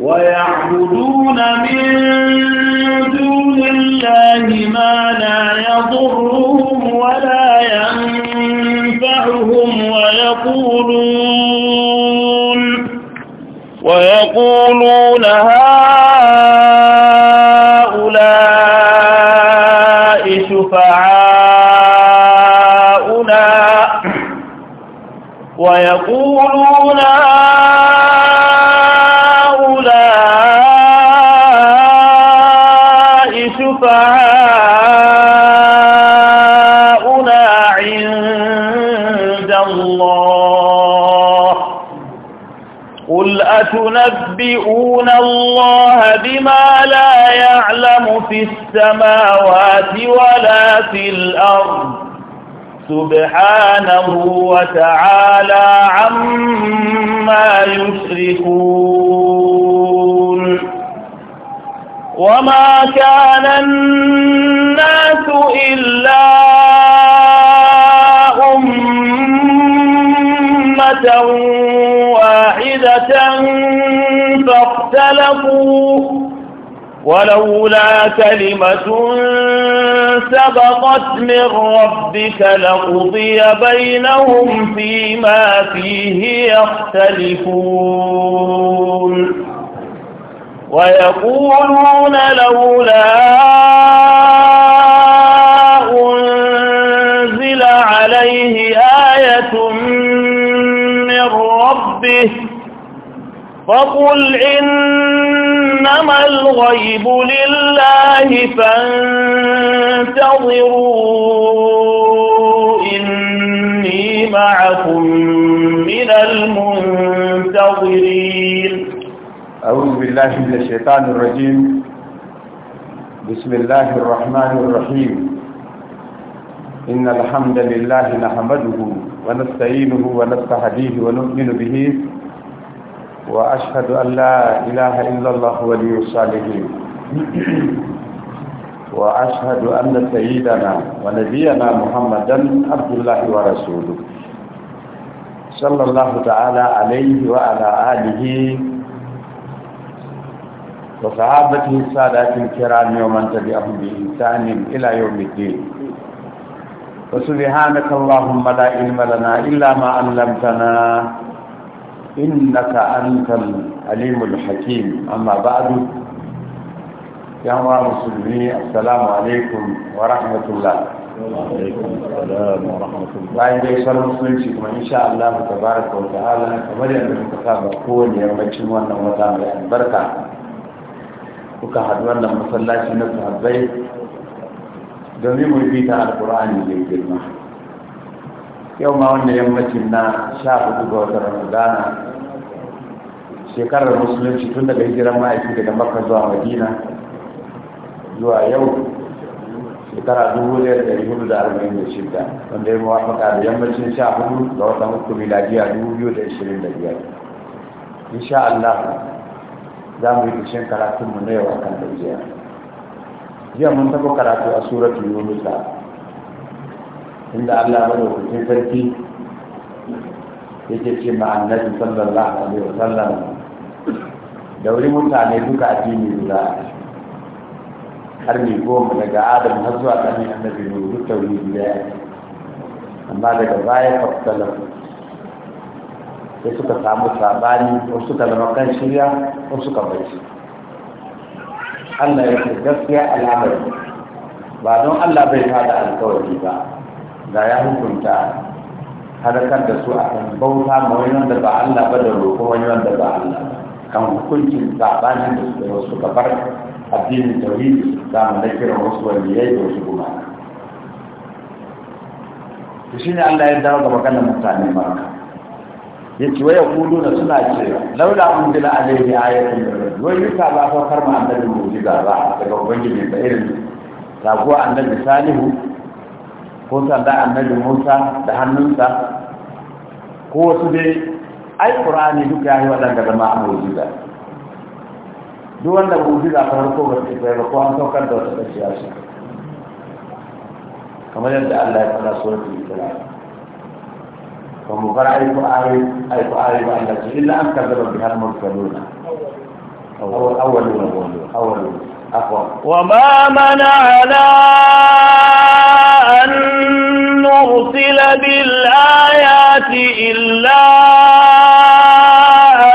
ويعبدون من دون الله ما لا يضرهم ولا ينفعهم ويقولون ويقولون هذا أتنبئون الله بما لا يعلم في السماوات ولا في الأرض سبحانه وتعالى عما يشركون وما كان الناس إلا أمة اتقوا ولولا كلمة سبقت من ربك لقضي بينهم فيما فيه يختلفون ويقولون لولا أنزل عليه آية من ربه فقل إنما الغيب لله فانتظروا إني معكم من المنتظرين أعوذ بالله من الشيطان الرجيم بسم الله الرحمن الرحيم إن الحمد لله نحمده ونستعينه ونستهديه ونؤمن به وأشهد أن لا إله إلا الله ولي الصالحين وأشهد أن سيدنا ونبينا محمدا عبد الله ورسوله صلى الله تعالى عليه وعلى آله وصحابته السادات الكرام ومن تبعهم بإنسان إلى يوم الدين وسبحانك اللهم لا علم لنا إلا ما علمتنا innaka antal alimul hakim amma ba'du yawa musulmi assalamu alaikum wa rahmatullah bayan dai sauran musulunci kuma insha Allah ta baraka wa ta'ala kamar yadda muka saba kowane yammacin wannan wata mai albarka kuka haɗu wannan masallaci na sahabbai domin mu bi ta alƙur'ani girma yau ma wanda yammacin na sha hudu ga wata ramadana shekarar musulunci tun daga hijiran ma'aiki daga makka zuwa madina zuwa yau shekara dubu zai da ɗari hudu da arba'in da shida wanda ya mawafaka da yammacin sha hudu ga wata uku miladiya dubu biyu da ishirin da biyar insha Allah za mu yi kishin karatunmu na yau kan da jiya jiya mun taɓa karatu a suratu yunusa inda Allah madaukakin sarki yake ce ma annabi sallallahu alaihi Da dauri mutane duka addini guda karni goma daga adam har zuwa karni annabi ne duk wuri guda amma daga baya fasalar sai suka samu sabani wasu suka zama kan shirya wasu suka bai Allah ya ce gaskiya al'amari ba don Allah bai fada alkawari ba da ya hukunta harkar da su a kan bauta ma wani wanda ba Allah ba da roƙo wani wanda ba Allah kan hukuncin zaɓanin da suka wasu kafar addinin tauhidi da mu da kiran wasu waliyai da wasu ta to ne Allah ya dawo ga maganar mutane marka yace waya na suna cewa laula unzila alaihi ayatun min rabbi wai yuka ba fa karma annabi mu'jiza ba daga ubangiji ba irin raguwa annabi salihu ko sanda annabi musa da hannunsa ko wasu dai ai Qur'ani duka yayi yi waɗanda da ma'a mu'jiza duk wanda mu'jiza ta farko ba ta ba ko an saukar da wata ƙashiya shi kamar yadda Allah ya faɗa suratul isra ko mu fara ai Qur'ani ai Qur'ani ba Allah illa an kazzaba bi har mursaluna awwaluna awwaluna awwaluna وما منعنا أن نرسل بالآيات إلا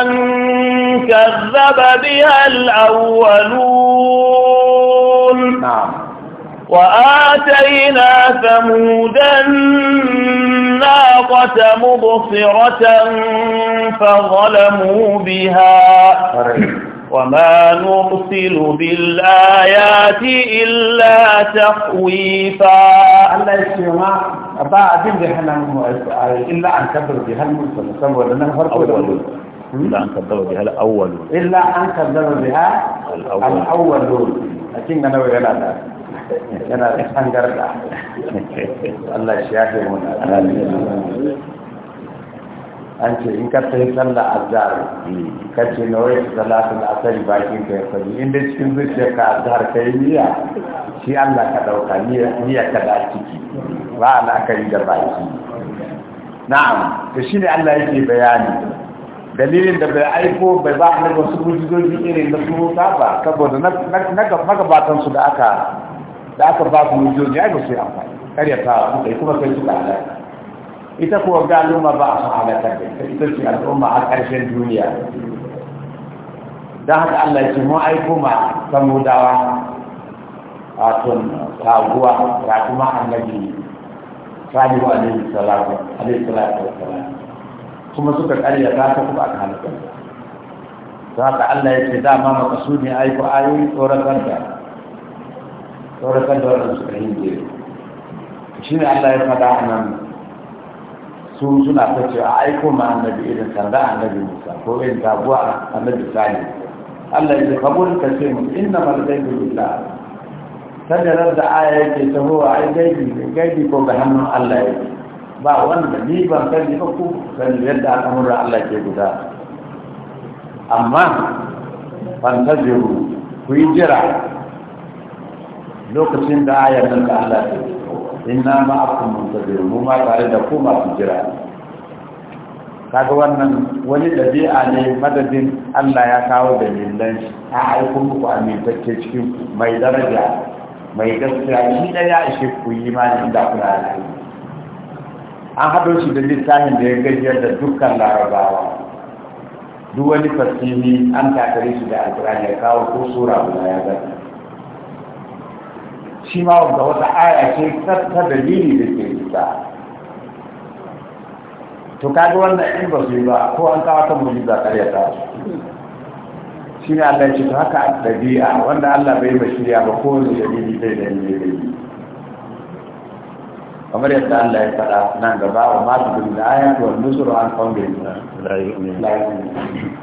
أن كذب بها الأولون نعم وآتينا ثمود الناقة مبصرة فظلموا بها وما نرسل بالآيات إلا تخويفا الله يسمع بعد بحنا إلا أن كبر بها المرسل سوى لنا فرق أول إلا أن كبر بها الأول إلا أن كبر بها الأول لكن أنا وغلا لا أنا أنقر الله يشافي من an ce in ka sai sallah azhar ka ce na wai salatu asari bakin ka ya fari. in dai cikin zuciya ka azhar ka yi niyya shi Allah ka dauka niyya ka da ciki ba ala ka yi da baki na'am to ne Allah yake bayani dalilin da bai aiko bai ba a wasu mujizoji irin na su ka ba saboda na magabatan su da aka da aka ba su mujizoji ai ba su amfani karyata su ta, kuma sai ka halaka ita kuwa al'umma ba a halakar da ita ita ce al'umma a ƙarshen duniya don haka Allah ce mu aiko ma samudawa a tun taguwa ratuma annabi salihu alaihi salatu kuma suka karya ta ta kuma aka halakar don haka Allah ya ce dama ne aiko ayoyi tsoron tsoron tsoron tsoron tsoron suka yi tsoron tsoron tsoron Allah ya tsoron tsoron su suna ta ce a aiko ma annabi irin sanda annabi musa ko irin tabuwa annabi sani allah ya kabul ka ce mu inna mal gaibi billah sadarar da aya yake ta ho ai gaibi gaibi ko ga hannun allah ya ba wanda ni ban sani ba ku sani yadda al'amuran allah ke guda amma fantaziru ku yi jira lokacin da ayar nan da allah ya. inna ma'akum muntaziru mu ma tare da ku masu jira kaga wannan wani dabi'a ne madadin Allah ya kawo lillan shi ta aiko muku amintacce cikin ku mai daraja mai gaskiya shi da ya ishe ku yi imani inda kuna da an haɗo shi da littafin da ya gajiyar da dukkan larabawa duk wani fasili an takare shi da alƙur'ani ya kawo ko sura guda ya gaba shi ma wanda wata aya ce ta dalili da ke fita to kaga wannan in ba su yi ba ko an kawo ta a karya ta shi ne Allah ce to haka dabi'a wanda Allah bai ba shirya ba ko wani dalili bai da ne bai kamar yadda Allah ya faɗa nan gaba wa masu su ya da ayatu wa nusuru an qawmin la yu'minun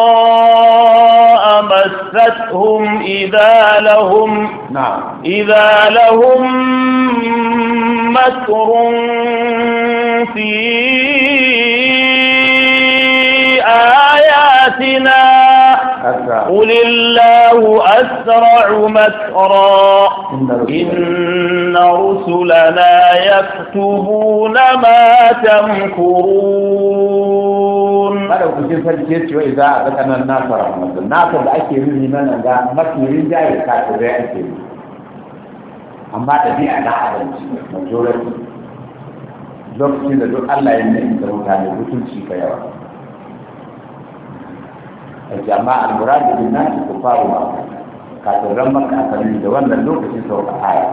مستهم إذا لهم نعم إذا لهم مكر فيه قل الله أسرع مكرا إن رسلنا يكتبون ما تمكرون ماذا كنت سلكت وإذا أردنا الناصر الناصر أكيد من من مكيرين جاي كاتب أكيد amma da bi a na abinci majority lokacin da duk Allah ya nemi da mutane mutunci ka jama'a al-murad bin nas kufaru ma kafiran maka asalin da wannan lokacin sauka aya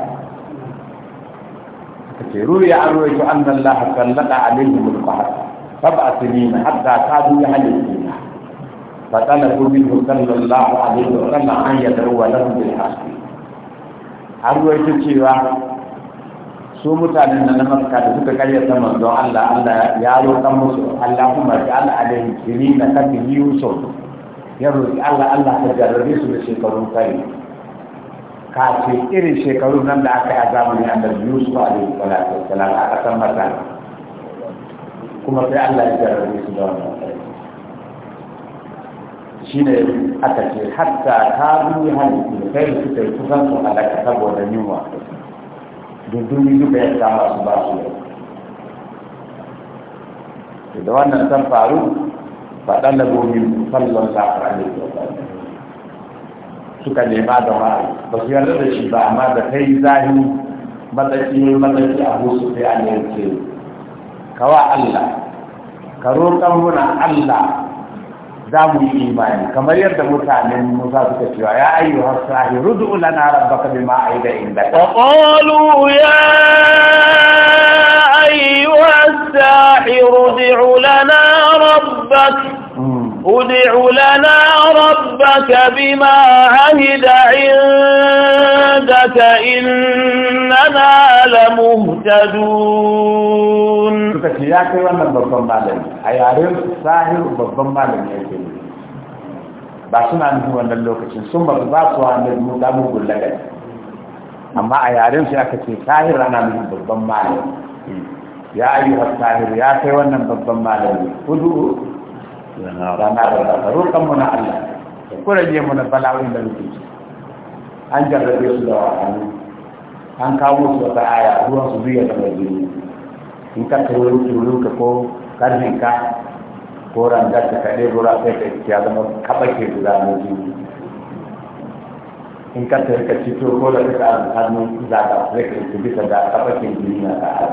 kace ruya an ruwaito anna Allah sallata ta al-qahr sab'a sinin hatta kadu yahlifuna fatalabu minhu sallallahu alaihi wa sallam an yadruwa lahum bil hasbi an ce cewa su mutanen nan na makka da suka karya ta don Allah Allah ya roƙa musu Allah kuma ta al'alaihi sinin na kafin yusuf ya roƙi Allah Allah ta jarrabe su da shekarun kai ka ce irin shekarun nan da aka yi a zamanin annabi Yusuf alaihi salatu wassalam a ƙasar Masar kuma sai Allah ya jarrabe su da wannan kai shine aka ce hatta ka ta hanyar da kai suka yi kusan su halaka saboda yunwa dundun duka ya kama su ba su yau da wannan san faru فطلبوا منه صلى الله عليه وسلم suka nema da wa'ayi ba su yarda da shi ba amma da kai zahi matsaki matsaki a musu sai an yanke kawa Allah ka roƙan muna Allah za mu yi imani kamar yadda mutanen Musa suka cewa ya ayyu hasahi rudu lana rabbaka bima aida inda wa qalu ya ayyuha as-sahir ud'u ulana rabbaka ادع لنا ربك بما عهد عندك إننا لمهتدون تكياك وانا ببضم مالك حيارين ساهر ببضم يعني يجب باسم عنه وانا اللوكتين ثم بضاس وانا المدامو قل لك اما حيارين ساكتين ساهر انا من ببضم مالك يا ايها الساهر يا كي وانا ببضم مالك ادعو rana da rana roƙon mu na Allah da kuranye mu na bala'o'in da muke ci an jarrabe su da wahalhalu an kawo su wata aya ruwan su zuya da rajini in ka kawo ruwan ka ko karfin ka ko rangar ka kaɗe ruwa sai ka ya zama kaɓake guda na jini in ka tafi ka cito ko da ka hannu za ka sai ka ci bisa da kaɓakin jini ta ka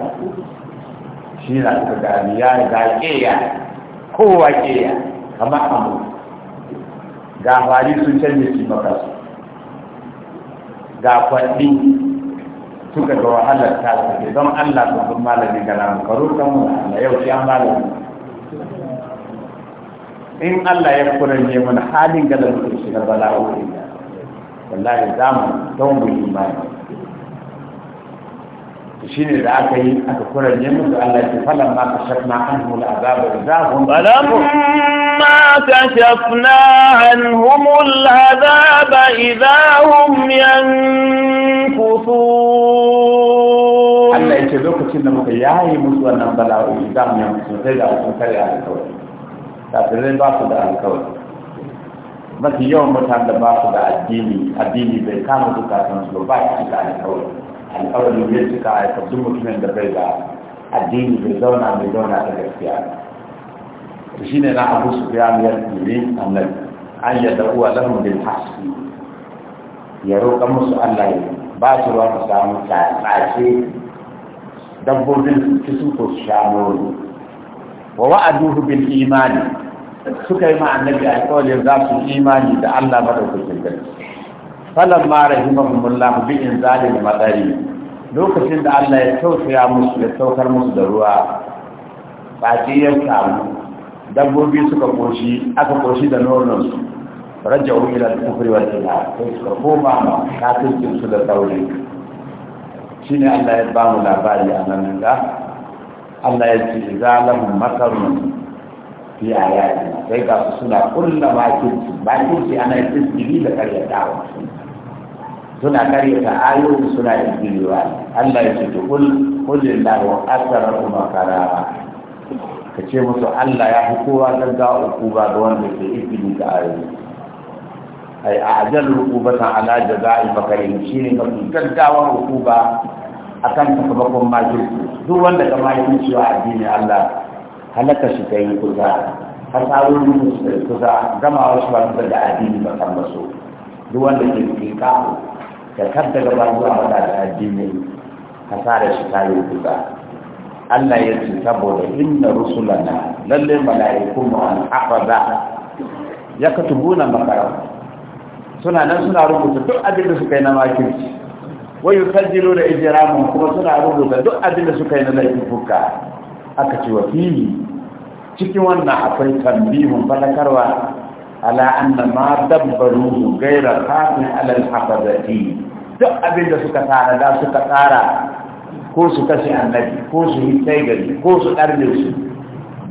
shi na suka gani ya riga ya kowa ke ya kama amu ga fari sun canje shi maka su ga kwaɗi suka ga wahalar ta suke don allah babban malami ga namu karo kan mu na yau shi an malami in allah ya kuna neman halin gada mutum shiga bala'o'i wallahi za mu don mu imani shine da aka yi aka kuranye musu Allah ya falan ma ka shafna anhum al'azab izahum falam ma kashafna anhum al'azab idahum yankufun Allah yake lokacin da muka yayi musu wannan bala'o'i za mu yanku sai da su kare alkawari kafirai ba su da alkawari mafi yawan mutane da ba su da addini addini bai kama zukatansu ba ba su da alkawari alƙawarin zai suka a yakabbin mutumin da bai da addini bai zauna mai zauna ta gaskiya to shi ne na abu su fiya miyar ɗuri annabi an yadda uwa lahun bin haski ya roƙa musu allah ya ba su ruwa su samu tsace dabbobin su su ko su sha nono wa wa'aduhu bil imani suka yi ma annabi alƙawarin za su imani da allah madaukakin gaskiya falan ma rahimahumullahu bi inzalil madari lokacin da Allah ya tausaya musu ya saukar musu da ruwa baki ya samu dabbobi suka koshi aka koshi da nonon su raja'u ila al-kufri wal ilal sai suka koma ma kafircin su da tauri shine Allah ya ba mu labari a nan ga Allah ya ce zalahum makarun fi ayati sai ga suna kullama kinci ba kinci ana yin da karyatawa suna karyata ayoyi suna ikiriwa Allah ya ce tukul kulillah wa asara kuma karara ka ce musu Allah ya fi kowa gaggawa ba ga wanda ke ikiri da ayoyi ai a ajal hukubatan ala jaza'i yi shi ne mafi gaggawa hukuma akan sakamakon majirku duk wanda ka majin cewa addinin Allah halaka shi ta yi kusa hasarorin su kusa gama wasu wanda da addini ba kan su. duk wanda ke ka Ka kar daga ba zuwa da addini ka sare shi kayan kuka Allah ya ce saboda inna rusulana lalle mala'ikun mu an afaza ya katubuna makara suna nan suna rubuta duk abin da suka yi na makirci wayu sajjilo da ijramu kuma suna rubuta duk abin da suka yi na laifuka aka ce fili. cikin wannan akwai tambihun fadakarwa ala anna ma dabbaru gaira kafin alal hafazati duk abin da suka tsara da suka tsara ko su kashe annabi ko su yi sai gari ko su ɗarne su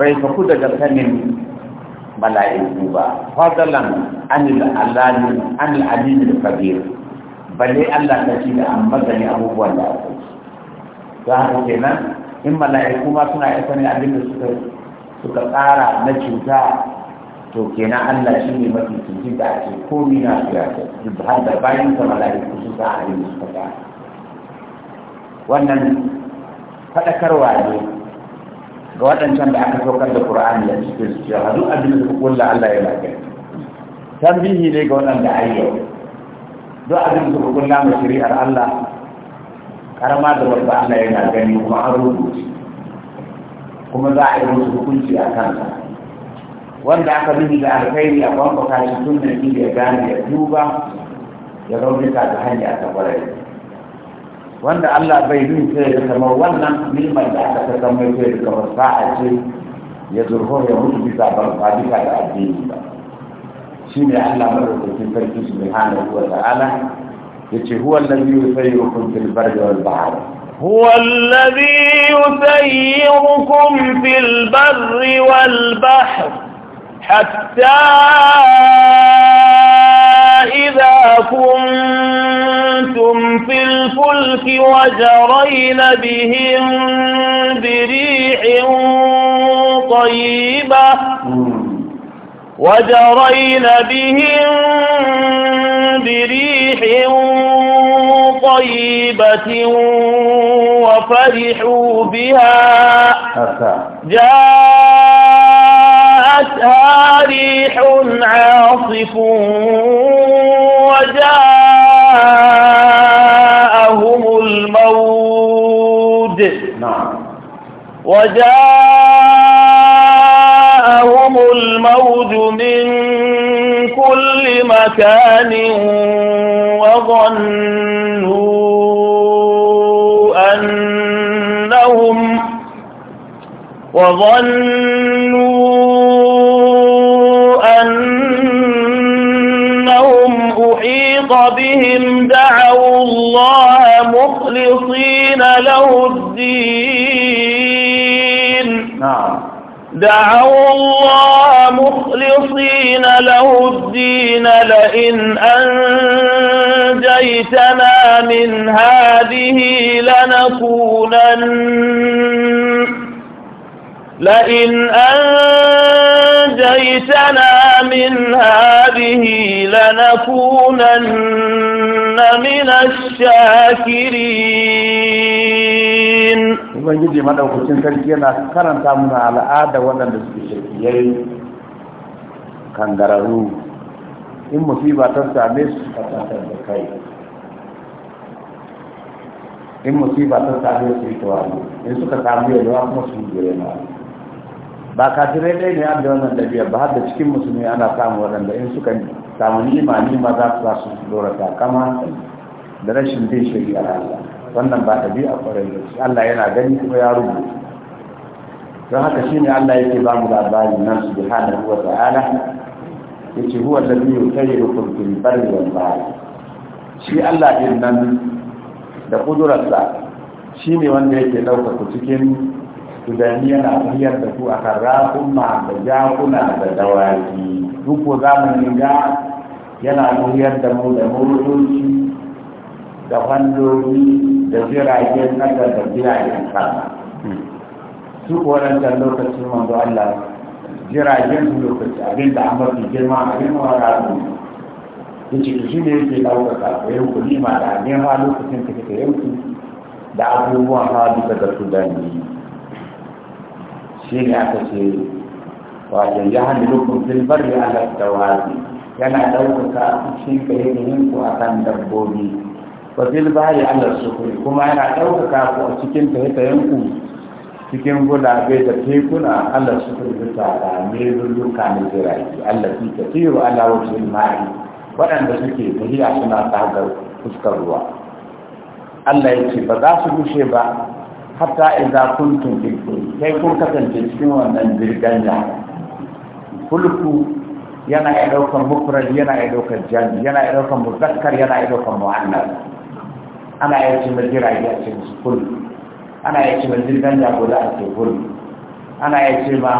bai faku daga sanin mala'iku ba fadalan anil alani anil alimul kabir balle Allah ta ci da amma ne abubuwan da aka yi za haka kenan in mala'iku ma suna isa ne abin da suka tsara na cuta to kenan Allah shi ne mafi cikin da ake komi na su yake har da bayan sa mala'iku su sa a yi musu fada wannan faɗakarwa ne ga waɗancan da aka saukar da Qur'ani da cikin su cewa duk abin da suka kulla Allah ya lafiya tambihi ne ga waɗanda ayyau duk abin da suka kulla mu shari'ar Allah karama da wanda Allah yana gani kuma an rubuce kuma za a yi musu hukunci a kansa wanda aka bibi da alkhairi a kwankwasa shi tun da shi ya gane ya duba ya raunuka ta hanya ta kwarai wanda Allah bai yi sai da kamar wannan nimar da aka ta mai sai da kamar sa'a ce ya zurfo ya mutu bisa ban ba bisa da addini ba shi ne Allah madaukakin sarki subhanahu wa ta'ala yace huwa allazi yusayyirukum fil barri wal bahri هو الذي يسيركم في البر والبحر حتى إذا كنتم في الفلك وجرين بهم بريح طيبة وجرين بهم بريح طيبة وفرحوا بها جاءتها ريح عاصف وجاءهم الموت نعم وجاءهم الموج من كل مكان وظنوا أنهم وظنوا أنهم أحيط بهم دعوا الله مخلصين له الدين دعوا الله مخلصين له الدين لئن أنجيتنا من هذه لنكونن لئن أنجيتنا من هذه لنكونن من الشاكرين ubangiji madaukakin sarki yana karanta muna al'ada waɗanda suke shirkiyai kangararru in musiba ta same su ka tattar da kai in musiba ta same su yi tawali in suka samu wa kuma su gure na ba kafirai ɗaya ne an da wannan ɗabi'a ba har da cikin musulmi ana samu waɗanda in suka samu nima nima za su za su dora takama da rashin bin shari'ar Allah wannan ba ɗabi'a ƙwarai da shi Allah yana gani kuma ya rubuta don haka shi ne Allah yake ba mu labari nan su ruwa da ala ya ce huwa da biyu kai da kurkun bari wa shi Allah ɗin nan da kudurarsa shi ne wanda yake ɗauka cikin tudani yana tafiyar da ku a kan rakuma da jakuna da dawaki duk wa zamanin ga yana tafiyar da mu da motoci da fandori da jiragen ƙasa da jiragen sama su waɗancan lokacin manzo Allah jiragen su lokaci abin da an mafi girma abin wa rasu ya ce shi ne yake ɗaukaka ko yau ma da abin ha lokacin ta kake yanki da abubuwan ha duka da su dani shi ne aka ce wato ya hannu lokacin zilbar ya halatta wani yana ɗaukaka a cikin kayayyakinku a kan dabbobi fadil bari ala sukuri kuma yana ɗaukaka ku a cikin taitayen ku cikin gulabe da tekuna ala sukuri bisa da duka ne jirage allah fi tafiru ala wajen mari waɗanda suke tafiya suna tagar fuskar ruwa allah ya ce ba za su gushe ba hatta idza kuntum fil fulk sai kun kasance cikin wannan jirganya Kulku yana ya ɗaukar mufrad yana ya ɗaukar jami yana ya ɗaukar muzakkar yana ya ɗaukar mu'annas ana iya cimma jirage a cikin sukul ana iya cimma jirgin jagora a tekul ana iya ma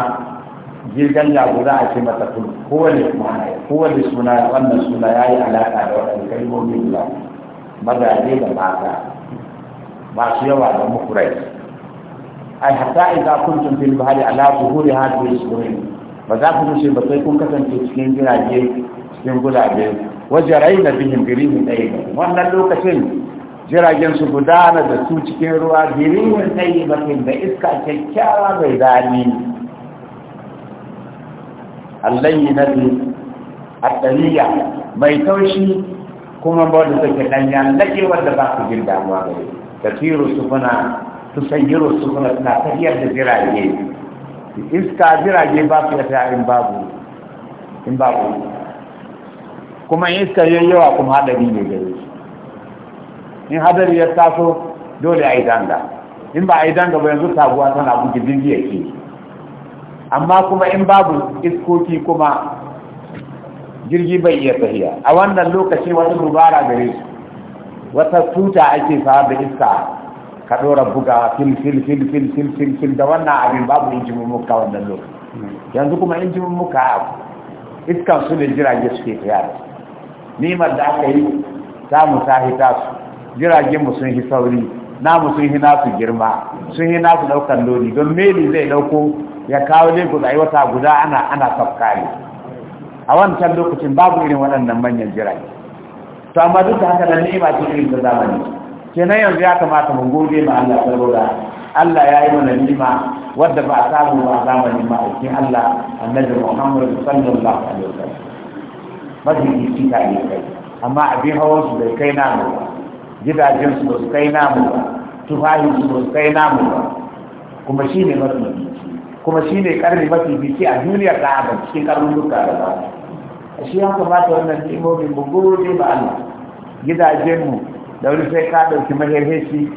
jirgin jagora a cimma takul kowane ma'ana kowane suna wannan suna ya yi alaƙa da waɗanda kalmomi da mazaje da mata masu yawa da mukurai ai hatta idza kuntum fil bahri ala zuhuri hadhihi al-suburin ba za ku rushe ba sai kun kasance cikin jirage cikin gulabe wajarai na bihin birihin ɗaya wannan lokacin jiragen su gudana da su cikin ruwa birimin tsayi bakin da iska kyakkyawa bai dani allayi na tsariya mai taushi kuma wadda take danya dake wadda ba su jin damuwa gare tafiru su kuna su sanyiru su kuna suna tafiyar da jirage iska jirage ba su yata in babu in babu kuma iska yayyawa kuma haɗari ne gari in hadari ya taso dole a yi danga in ba a yi danga ba yanzu taguwa tana buge jirgi ya ke amma kuma in babu iskoki kuma jirgi bai iya tafiya a wannan lokaci wata dubara gare su wata tuta ake fara da iska ka dora buga fil fil fil fil fil fil fil da wannan abin babu injimin mummuka wannan lokaci yanzu kuma injimin muka iskan su ne jirage suke tafiya da Ni da aka yi samu ta hita su jiragen mu sun yi sauri namu sun yi nasu girma sun yi nasu daukan lodi don meli zai dauko ya kawo lagos a yi wata guda ana ana safkari a wancan lokacin babu irin waɗannan manyan jirage to amma duk da haka nan nema ce irin da zamani kenan yanzu ya kamata mu gode ma Allah saboda Allah ya yi mana nima wadda ba a samu ba a zamanin ma'aikin Allah annabi Muhammad sallallahu alaihi wasallam mafi ta ne kai amma abin hawan su bai kai na ba gidajen su ba kai namu ba tufahin su ba kai namu ba kuma shi ne mafi kuma shi ne karni mafi biki a duniya ta haɗa cikin duka da ba shi ba kamata wannan limomin mu gode ba Allah gidajen mu da wani sai ka dauki mahirheci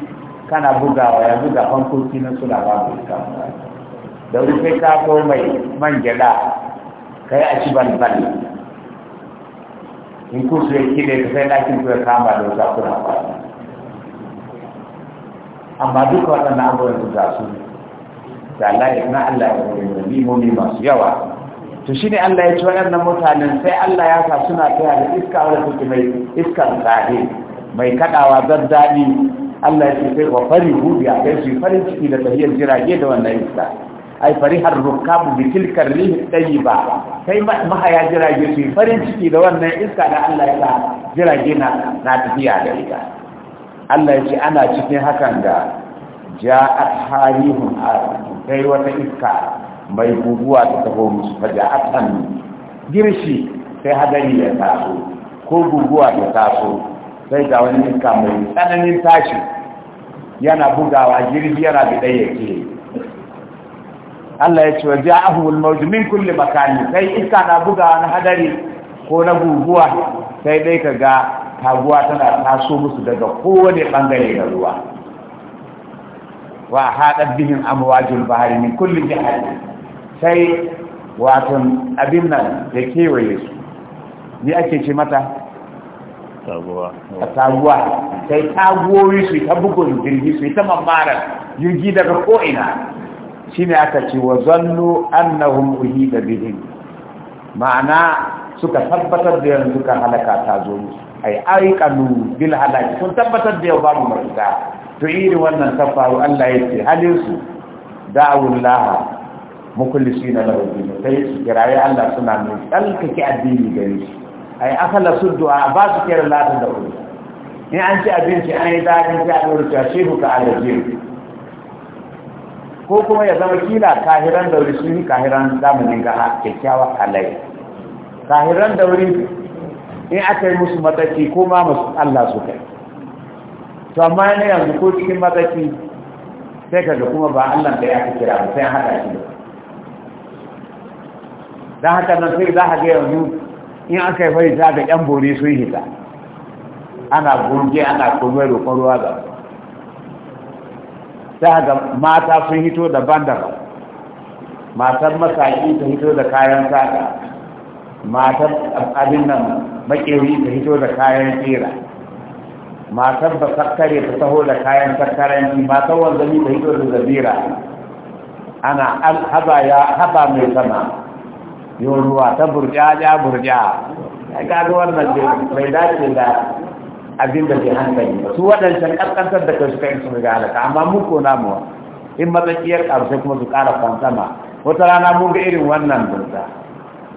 kana bugawa ya buga hankoki na suna ba mu da wani sai ka komai mai man gyada kai a ci balbal in ku su ya kide ka sai ɗakin ku ya kama da wuta kuna kwana amma duka waɗannan abubuwan su ga su da Allah ya na Allah ya da limomi masu yawa to ne Allah ya ci waɗannan mutanen sai Allah ya sa suna tsaya da iska wadda suke mai iskar tsahe mai kaɗawa zan daɗi Allah ya ce sai wa fari hudu a kai su farin ciki da tahiyar jirage da wannan iska ai farihar rukabu bi tilkar rihi tayyiba sai mahaya jirage su farin ciki da wannan iska da Allah ya sa jirage na na tafiya da ita Allah ya ce ana cikin hakan da ja'at harihun kai wata iska mai guguwa ta taho musu fa ja'at an girshi sai hadari ya taso ko guguwa ta taso sai ga wani iska mai tsananin tashi yana bugawa girbi yana da Allah ya ce wa ja'ahumul mawj min kulli makani sai iska na buga na hadari ko na guguwa sai dai kaga taguwa tana taso musu daga kowane bangare na ruwa wa hadat bihim amwajul bahri min kulli jihad sai wato abin nan da kewaye su ni ake ce mata taguwa taguwa sai taguwoyi su ta bugun jirgi su ta mamara jirgi daga ko ina shine aka ce wa zannu uhi da bihin. ma'ana suka tabbatar da yanzu kan halaka ta zo musu ai aikanu bil halaki sun tabbatar da yau babu mafita to iri wannan ta faru Allah ya ce halin su da'awun laha, da'awullah mukhlisina lahu din sai su kiraye Allah suna mai tsalkake addini gare shi ai akala su du'a ba su kera latin da ku in an ci abinci an yi dadin ta a ɗora ta shehu ka alaji ko kuma ya zama kila kahiran dauri sun yi kahiran zamanin gaha kyakkyawa halaye kahiran dauri in aka yi musu mataki ko ma musu Allah su kai to amma ne yanzu ko cikin mataki sai kaga kuma ba Allah da aka kira ba sai haɗa shi dan haka nan sai za ka ga yanzu in aka yi fari za ga yan bore sun hita ana gurge ana komai roƙon ruwa ga daga mata sun hito daban-daban matar masaki sun hito da kayan sada matar abin nan makewi sun hito da kayan tsira matar ba sakkare ta taho da kayan sakkaranci matar wanzami ta hito da zabira ana haba ya haba mai sama yau ruwa ta burja ja burja ya gado wannan mai dace da abin da ke hankali ba su waɗancan ƙasƙantar da kai suka yi su riga halaka amma mun ko namu in matsakiyar ƙarshe kuma su ƙara kwantama, wata rana mun ga irin wannan bauta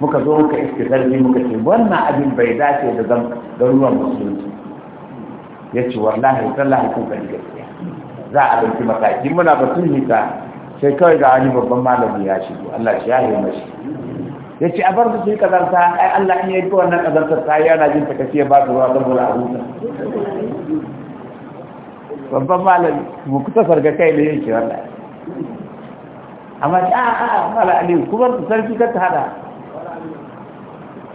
muka zo muka iske zarfi muka ce wannan abin bai dace da garuruwan musulunci ya ce wallahi tallahi kun gani gaskiya za a ɗauki mataki muna batun hita sai kawai ga wani babban malami ya shigo Allah shi ya yi mashi ya ce a bar su yi kazanta ai Allah in yi wannan kazanta ta yi yana jin ta ba su ruwa don bula abuta babban malami mu kusa farga kai da yake wannan amma a a ah, a ah, ah, mala ali ku bar su sarki ka ta hada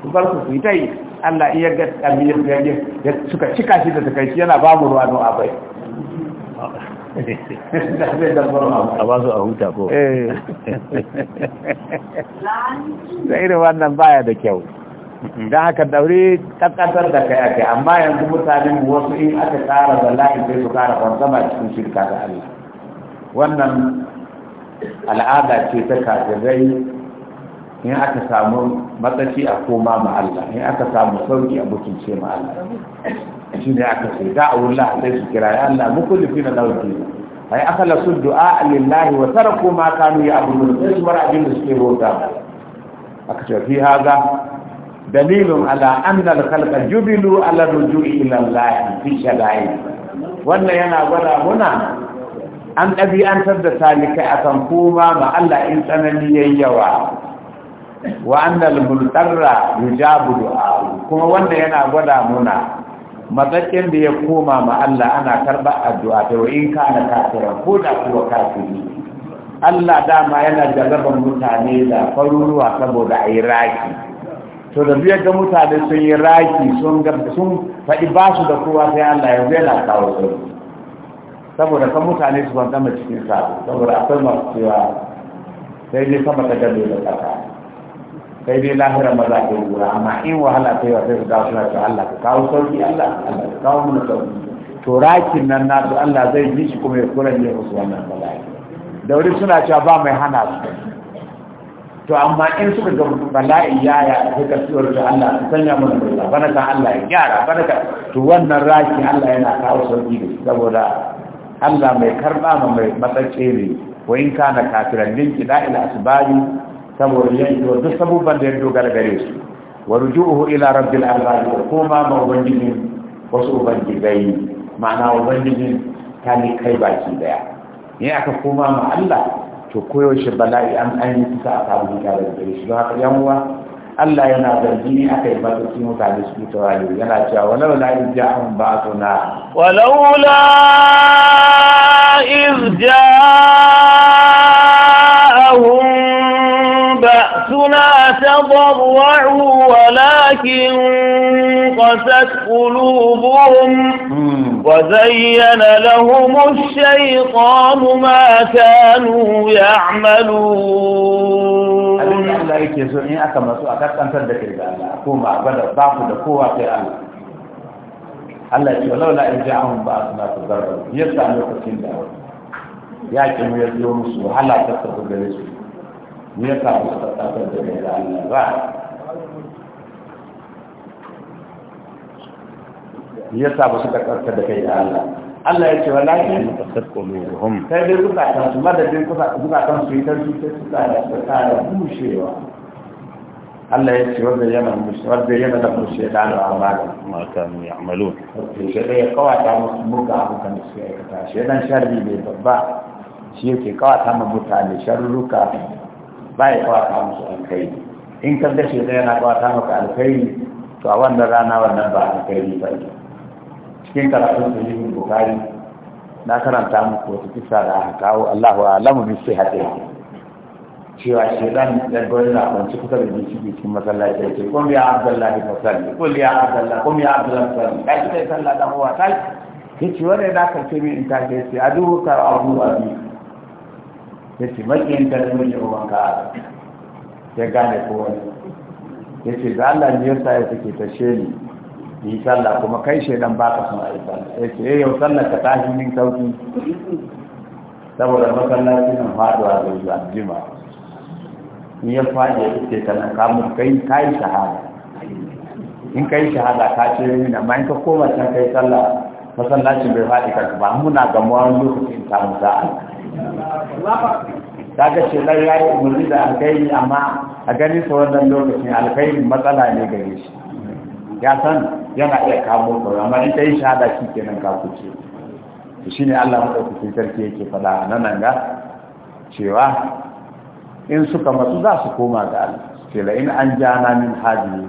ku bar su su yi ta yi Allah in ga abin ya suka cika shi da takaici yana ba mu ruwa don abai a ba su a huta ko eh. da wannan baya da kyau don haka daure kakasar da kai ake amma yanzu mutanen wasu in aka kara zallaki sai su kara kwanzama cikin shirka da Allah wannan al'ada ce ta kafirai in aka samu matsaci a koma Allah in aka samu sauki a mutunce ma Allah shi ne aka sai da Allah sai su kira ya Allah mukullifi na dauki ai akhlasu du'a lillahi wa taraku ma kanu abu sai su mara abin da suke bauta aka ce fi haza dalilun ala anna al-khalqa jubilu ala ruju'i ila Allah fi shada'i wannan yana gwada muna an ɗabi'antar da talikai a kan koma ma Allah in tsanani yayi yawa wa annal multarra yujabu du'a kuma wanda yana gwada muna matsakin da ya koma ma Allah ana karba addu'a wa in kana kafira ko da kuwa kafiri Allah dama yana jarraban mutane da faruruwa saboda yi raki to da biyar ga mutane sun yi raki sun sun faɗi ba da kowa sai Allah ya yana kawo su saboda kan mutane su ban gama cikin sa saboda akwai masu cewa sai dai sama ta gado da kasa sai dai lahira ma za ka yi gura amma in wahala ta yi wa sai ka kawo suna ta Allah ka kawo sauki Allah Allah ka kawo mana sauki to rakin nan su Allah zai yi shi kuma ya kula ne musu wannan bala'i da wuri suna cewa ba mai hana su to amma in suka ga bala'i ya ya sai ka tsiwar da Allah ka sanya mana ba bana ka Allah ya gyara bana ka to wannan rakin Allah yana kawo sauki da saboda Allah mai karba mai matsatse ne wa in kana kafiran linki da ila asbabi saboda yankewa duk sabubban da ya dogara gare su wa ruju'uhu ila rabbil alamin koma ma ubangijin wasu ubangijai ma'ana ubangijin talikai baki daya ne aka koma ma Allah to koyaushe bala'i an an yi kusa a samu gida da gare shi don haka yan uwa Allah yana zargi ne aka yi masa cikin mutane su ta rayu yana cewa walau la in ja'ahum ba'athuna walau la iz ja'ahum بأسنا تضرعوا ولكن قست قلوبهم وزين لهم الشيطان ما كانوا يعملون الله يتزعين الله لا إرجعهم بأسنا تضرعوا يبتع نفسهم دعوة يأتي ميزيون سوحا لا تستطيع ذلك ميقع مخططة بالإلعاء النظر ميقع مخططة بالإلعاء الله يجب ولكن أخذكم منهم فإذا قلت أحد أنتم ماذا يقول لك أنتم سويتان سويتان سويتان سويتان بوشيوا الله يجب ودى يمن ودى يمن لكم الشيطان وعمال ما كانوا يعملون شيء قوة تعمل سموك عبوك ba ya kawata musu alkhairi in ka gashe da yana kawata maka alkhairi to a wannan rana wannan ba alkhairi ba ne cikin karatun yi bukari, na karanta muku wata kisa da aka kawo Allahu a'lamu bi sihhati cewa shedan da gwani na kwanci kusa da jiki cikin masallaci ya ce kun ya abdullahi fa fasali, kun ya abdullahi kun ya abdullahi fa salli kai kai sallah da huwa kai yace wannan da ka min in ta ce a duka abu abi ya ce maƙiyin ta zama ce ruwan ka ya gane kowane ya ce da Allah ne yasa ya take tashe ni yi sallah kuma kai shaidan ba ka suna aiki ya ce ya eh, yau sallah ka tashi min sauki saboda masallaci nan faduwa da zuwa jima in ya faɗi ya ce ta nan kamun kai kayi shahada in kai shahada ka ce min amma in ka koma can kai sallah masallacin bai faɗi kanka ba muna gamuwa wani lokacin ta musa Allah ga ce lai ya yi da alkhairi amma a ganin sa wannan lokacin alkhairi matsala ne gare shi ya san yana iya kamo tsoro amma in ta yi shahada shi kenan ka kuce to ne Allah madaukakin sarki yake faɗa a nan ga cewa in suka matsu za su koma ga Allah ce la in an jana min hajji.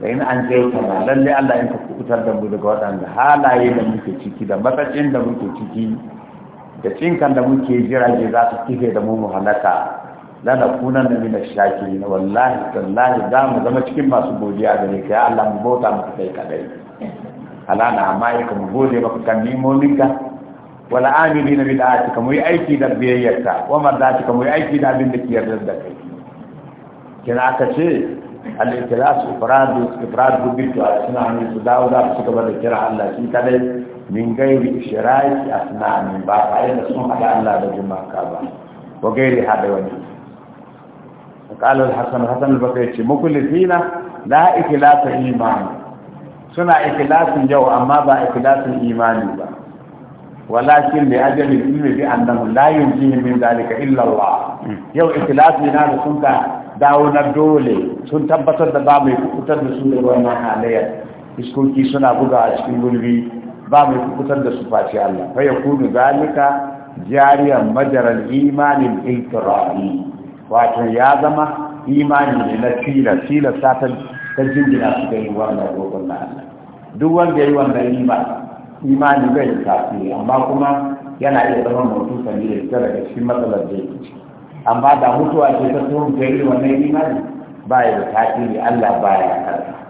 Da in an jaita na lalle Allah in ka kutar da mu daga waɗanda halaye da muke ciki da matsacin da muke ciki da cinkan da muke jirage za su kife da mu mu halaka lana kunan da mina shaki na wallahi tallahi za mu zama cikin masu godiya gare ka ya Allah mu bauta maka kai kadai Alana amma ya mu gode maka kan nimominka wala amilina bil atika mu yi aiki da biyayyarka wa mardatika mu yi aiki da abin da ke yarda da kai kina aka ce al-ikhlas ifrad ifrad bil du'a suna hanyar su dawo da su gaba da kira Allah shi kadai min gairi shiraki asnani ba a yi da sun haɗa Allah da jimaka ba ko gairi haɗe wani a ƙalar hassan hassan ba ka yi ce makulisina na ikilasin imani suna ikilasin yau amma ba ikilasin imani ba walakin da ajami ilmi bi annahu la yunji min dalika illa Allah yau ikilasi na da sun ka dawo na dole sun tabbatar da ba mai kutar da su da wannan halayyar iskoki suna buga a cikin gulbi ba mai kukutar da su fashi Allah fa yakunu zalika jariyan majaral imanin iltirari wato ya zama imani ne na tila tila ta ta jingina su ga yi wannan rogon na Allah duk wanda yi wannan imani imani zai kafi amma kuma yana iya zama mutum sani da daga cikin matsalar da yake amma da mutuwa ce ta tuhum ta wannan imani ba ya da tasiri Allah ba ya karɓa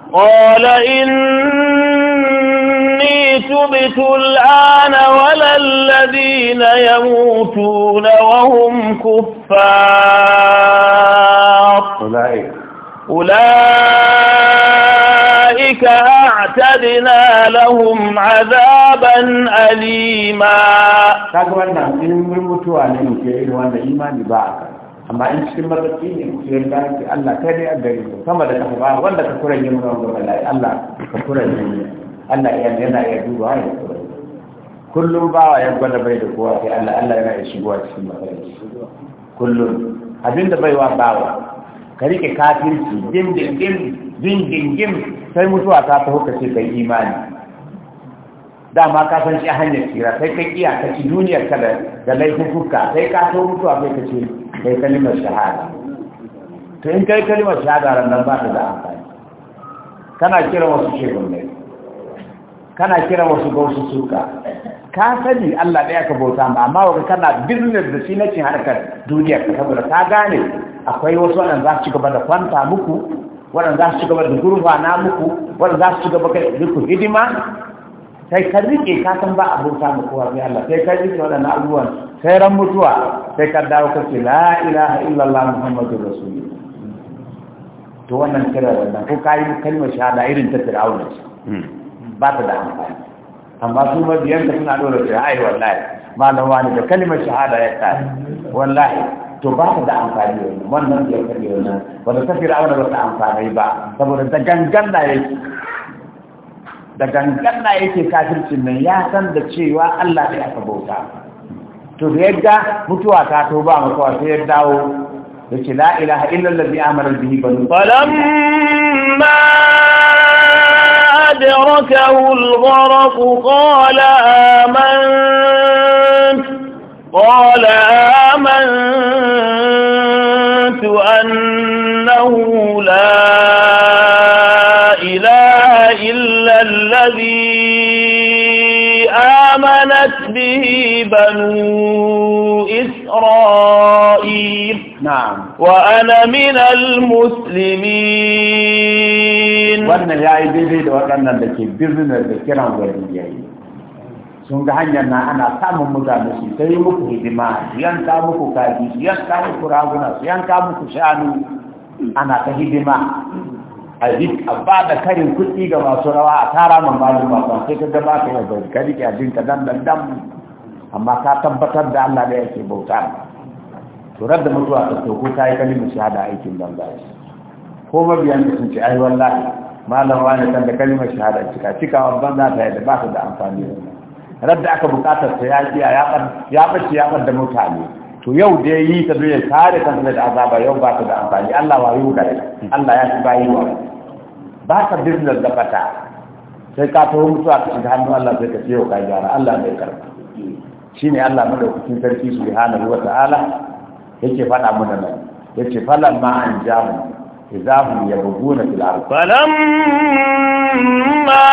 قال إني تبت الآن ولا الذين يموتون وهم كفار أولئك أولئك أعتدنا لهم عذابا أليما تقول أنه إن يموتوا لنك يموتوا إيمان يموتوا amma in cikin matsatsi ne yi da ake Allah ta dai a gare ku sama da kafa ba wanda ka kuran yin wani wanda Allah ka kuran yin Allah ya yana ya duba ya kuran kullum bawa ya gwada bai da kowa sai Allah Allah yana ya shigowa cikin matsatsi kullum abinda bai wa bawa ka rike kafirci gim gim gim gim sai mutuwa ta taho ka ce kai imani dama ka san shi hanyar tsira sai ka kiya ka ci duniyar ka da laifin kuka sai ka so mutuwa sai ka ce kai kalimar shahada to in kai kalimar shahada ran nan ba ta da amfani kana kira wasu shehunai kana kira wasu gausu suka ka sani Allah ɗaya ka bauta ma amma wa kana business da shi na cin harkar duniya ka saboda ka gane akwai wasu wannan za su ci gaba da kwanta muku wannan za su ci gaba da gurfa na muku wannan za su ci gaba da duku hidima sai ka rike ka san ba abin samu kowa sai Allah sai ka rike waɗannan abubuwan sai ran mutuwa sai ka dawo ka ce la ilaha illallah muhammadu rasul to wannan kira wannan ko kai kalmar shahada irin ta fir'auna ce hmm. ba ta da amfani amma su mabiyan ka suna dora su ai wallahi malam wani da kalmar shahada ya tsaya wallahi to ba ta da amfani wannan wannan ya kare wannan wanda ta fir'auna ba ta amfani ba saboda da gangan da yake da gangan na yake kafircin nan ya san da cewa Allah ne aka bauta to da yadda mutuwa ta toba maka sai ya dawo da ce la ilaha illallah bi amara bihi banu falamma adrakahu al-gharq qala amant qala amant annahu la الذي آمنت به بنو إسرائيل نعم وأنا من المسلمين wannan yayi daidai da waɗannan da ke business da kiran gari yayi sun ga hanyar na ana samun mutane su sai muku hidima yanka muku kaji yanka muku raguna yanka muku shanu ana ta hidima a ba da karin kuɗi ga masu rawa a tara man bayan masu sai ka gaba ta yi bai kari ke abin ka dan dan amma ka tabbatar da Allah da yake bauta to da mutuwa ta ko ta yi shi shahada aikin banza ko mabiyan sun ce ai wallahi malam wani kan da shi shahada cika cika banza ta yi da ba ta da amfani radda aka bukatar ta ya kiya ya ɓace, ya ɓar da mutane to yau da ya yi ta zuwa kare kansa da azaba yau ba ta da amfani Allah wayo gare Allah ya fi bayi wa ba ka business da fata sai ka taho mutuwa ka shiga hannun Allah sai ka ce ka gyara Allah mai karba shine Allah madaukakin sarki subhanahu wa ta'ala yake faɗa mana nan yace falan ma an jamu idza hum yabghuna fil ardh falam ma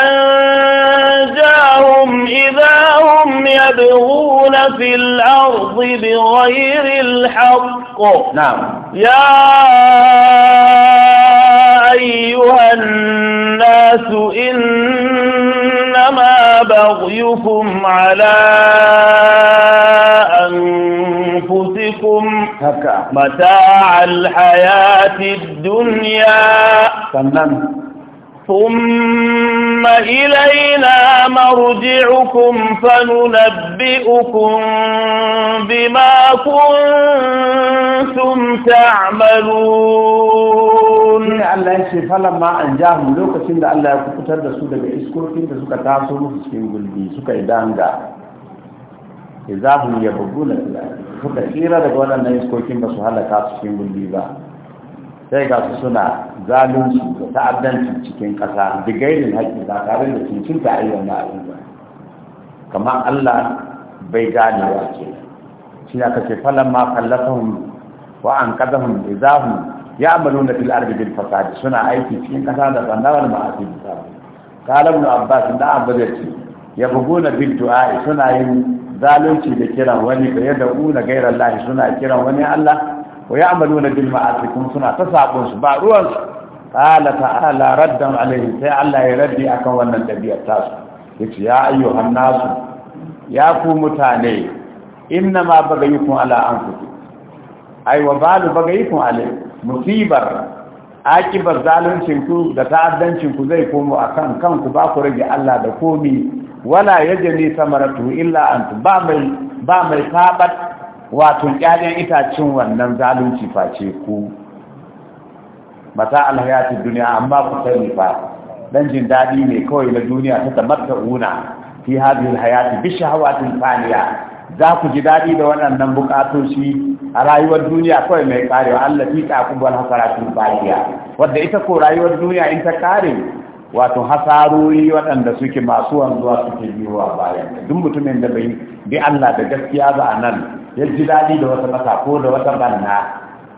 anjahum idza hum yabghuna fil ardh bighayri al haqq na'am يا أيها الناس إنما بغيكم على أنفسكم متاع الحياة الدنيا ثم إلينا مرجعكم فننبئكم بما كنتم تعملون الله يشي فلما أنجاهم لوكا سند الله يكفتر دسودة بإسكورتين دسوكا تاسو مسكين قلبي سوكا إدانجا إذا هم يبقون في الأرض سوكا خيرا دقوانا نيسكوكين بسوحالة تاسو مسكين قلبي بقى sai ga su suna zalunci da ta'addanci cikin ƙasa digairin haƙƙi ba tare da cincin a ayyuka na ayyuka kamar Allah bai gane wa ke shi aka ce falan ma kallafahum wa an kadahum izahum ya amalu na fil bil suna aiki cikin ƙasa da bandawar ma'asi da qala ibn abbas da abbas ya buguna bil du'a suna yin zalunci da kiran wani da yadda una gairar Lahi suna kiran wani Allah wa na bil ma'asi kuma suna ta sabon su ba ruwan su qala ta'ala raddan alaihi sai Allah ya raddi akan wannan dabi'ar tasu yace ya ayyuhan nasu ya ku mutane inna ma bagayukum ala anfusikum ai wa balu bagayukum alaihi musibar akibar zaluncin ku da ta'addancin ku zai komo akan kanku ba ku rage Allah da komi wala yajni samaratu illa antu ba mai ba mai sabat wato ƴaƴan itacin wannan zalunci face ku mata alhayatun duniya amma ku sani ba dan jin daɗi ne kawai na duniya ta ta una fi hadhihi alhayati bi shahawatin faniya za ku ji daɗi da waɗannan buƙatoci a rayuwar duniya kawai mai ƙarewa. Allah fi ta kuma hasaratin faniya wanda ita ko rayuwar duniya in ta ƙare? wato hasarori waɗanda suke masu wanzuwa suke biyuwa bayan duk mutumin da bai bi Allah da gaskiya ba nan ya ji daɗi da wata ƙasa ko da wata banna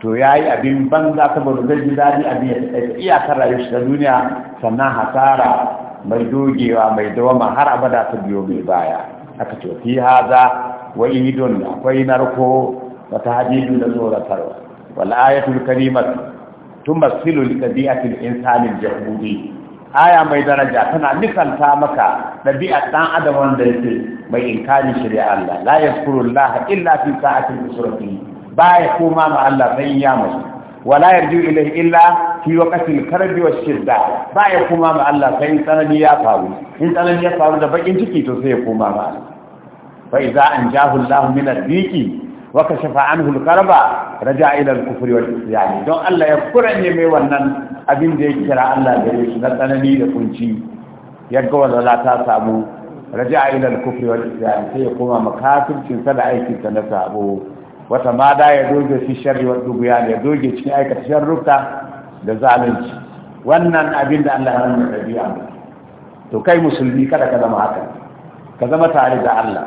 to ya yi abin banza saboda zai ji daɗi abin ya iyakar rayuwar shi ta duniya sannan hasara mai dogewa mai dawama har abada ta biyo mai baya aka ce fi haza wa idon akwai narko wata hadidu da tsoratarwa wal ayatul karimatu tumassilu li qadiyati insani jahudi aya mai daraja tana misalta maka ɗabi'ar ɗan adam wanda yake mai inkari shirya Allah la yazkurullah illa fi sa'atin usrati ya koma ma Allah sai ya musu wala yarju ilayhi illa fi waqtil karbi wash shidda ya koma ma Allah sai sanadi ya faru in sanadi ya faru da bakin ciki to sai ya koma ma Allah fa idza anjahu Allah min ad-dhiqi waka kashafa anhu al-karba raja ila kufuri kufri wal don Allah ya kuranye mai wannan abin da ya kira Allah ya shi na tsanani da kunci ya ga wala ta samu raja ila kufuri kufri wal sai ya koma makafircin sa da aikin sa na sabo wata ma da ya doge shi sharri wa dubiyan ya doge cikin aikata sharruka da zalunci wannan abin da Allah ya rana dabi'a to kai musulmi kada ka zama haka ka zama tare da Allah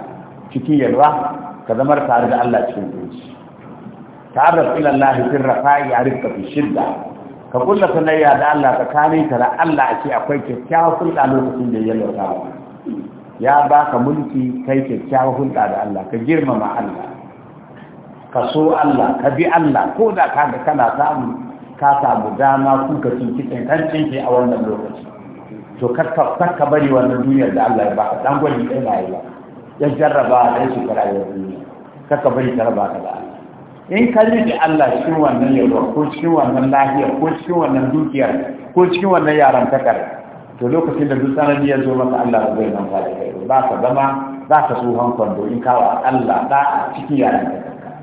cikin yalwa ka zama tare da Allah cikin kunci ta'arraf ila Allah fi rafa'i arifka fi shidda ka kulla sanayya da Allah tsakanin ka da Allah a ce akwai kyakkyawar hulɗa lokacin da ya lauta ya ka mulki kai kyakkyawar hulɗa da Allah ka girmama Allah ka so Allah ka bi Allah ko da ka ga kana samu ka samu dama ku ka cinci kankancin ke a wannan lokaci to kakka bari wannan duniyar da Allah ya baka dan gwani kai ba ya jarraba ɗan shekara ya duniya kaka bari jarraba ka da Allah in ka da Allah cikin wannan yalwa ko cikin wannan lafiya ko cikin wannan dukiyar ko cikin wannan yaran takar to lokacin da dukkan sanadi ya zo maka Allah zai nan fara kai ba ka zama ba ka tsohon kwando in kawa Allah ba a cikin yaran takar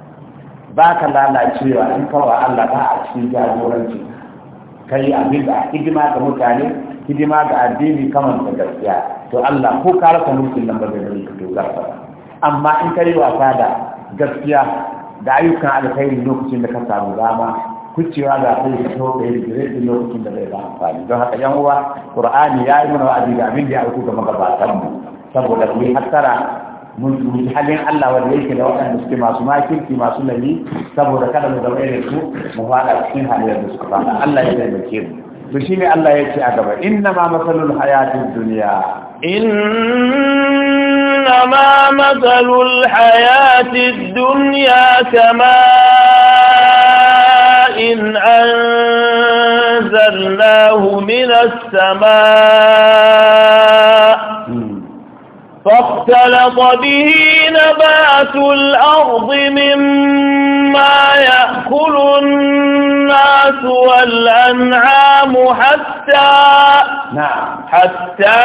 ba ka lalacewa in kawa Allah ba a cikin jagoranci kai abin da hidima ga mutane hidima ga addini kamar ta gaskiya to Allah ko ka rasa mulkin nan ba zai bari ka dogara ba amma in ka yi wasa da gaskiya da ayyukan alkhairi lokacin da ka samu dama kucewa ga kai da to kai da gire lokacin da zai ba amfani don haka yan uwa qur'ani yayi mana wa'azi da abin da ya auku ga magabatan mu saboda mu hattara mun yi halin Allah wanda yake da waɗanda suke masu makirki masu nabi saboda kada mu zama irin su mu faɗa cikin halin da suka faɗa Allah ya taimake mu to shine Allah ya ce a gaba inna ma masalul hayatid dunya inna ma masalul hayatid dunya kama in anzalnahu minas samaa فاختلط به نبات الأرض مما يأكل الناس والأنعام حتى نعم حتى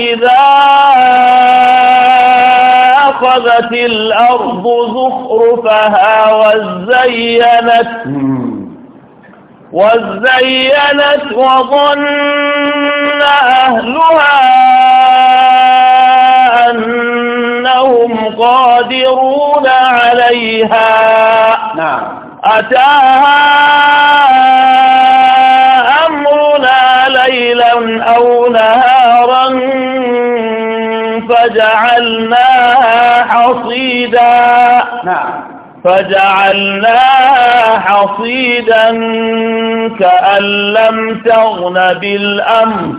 إذا أخذت الأرض زخرفها وزينت وزينت وظن أهلها أنهم قادرون عليها نعم أتاها أمرنا ليلا أو نهارا فجعلناها حصيدا نعم فجعلناها حصيدا كأن لم تغن بالأمر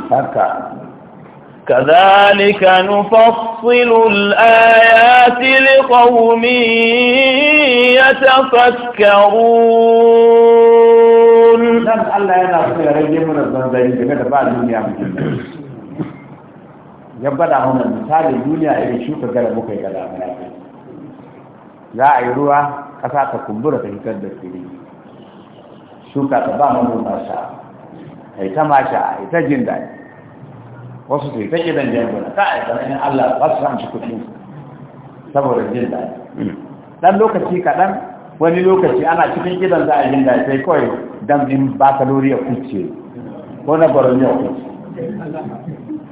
كذلك نفصل الآيات لقوم يتفكرون نعم الله ينصر يرجمنا الزنزين بمدى بعد دنيا مجمع يبدأ هنا المثال الدنيا إلي شوف كده بكي za a yi ruwa ƙasa ta kumbura ta hitar da fili shuka ta ba manoma sha a yi ta masha a yi ta jin daɗi wasu su yi ta gidan jangona ta a yi tsananin allah ba su cikin su saboda jin daɗi ɗan lokaci kaɗan wani lokaci ana cikin gidan za a jin daɗi sai kawai dan in ba lori ya kuce ko na gwaron ya kuce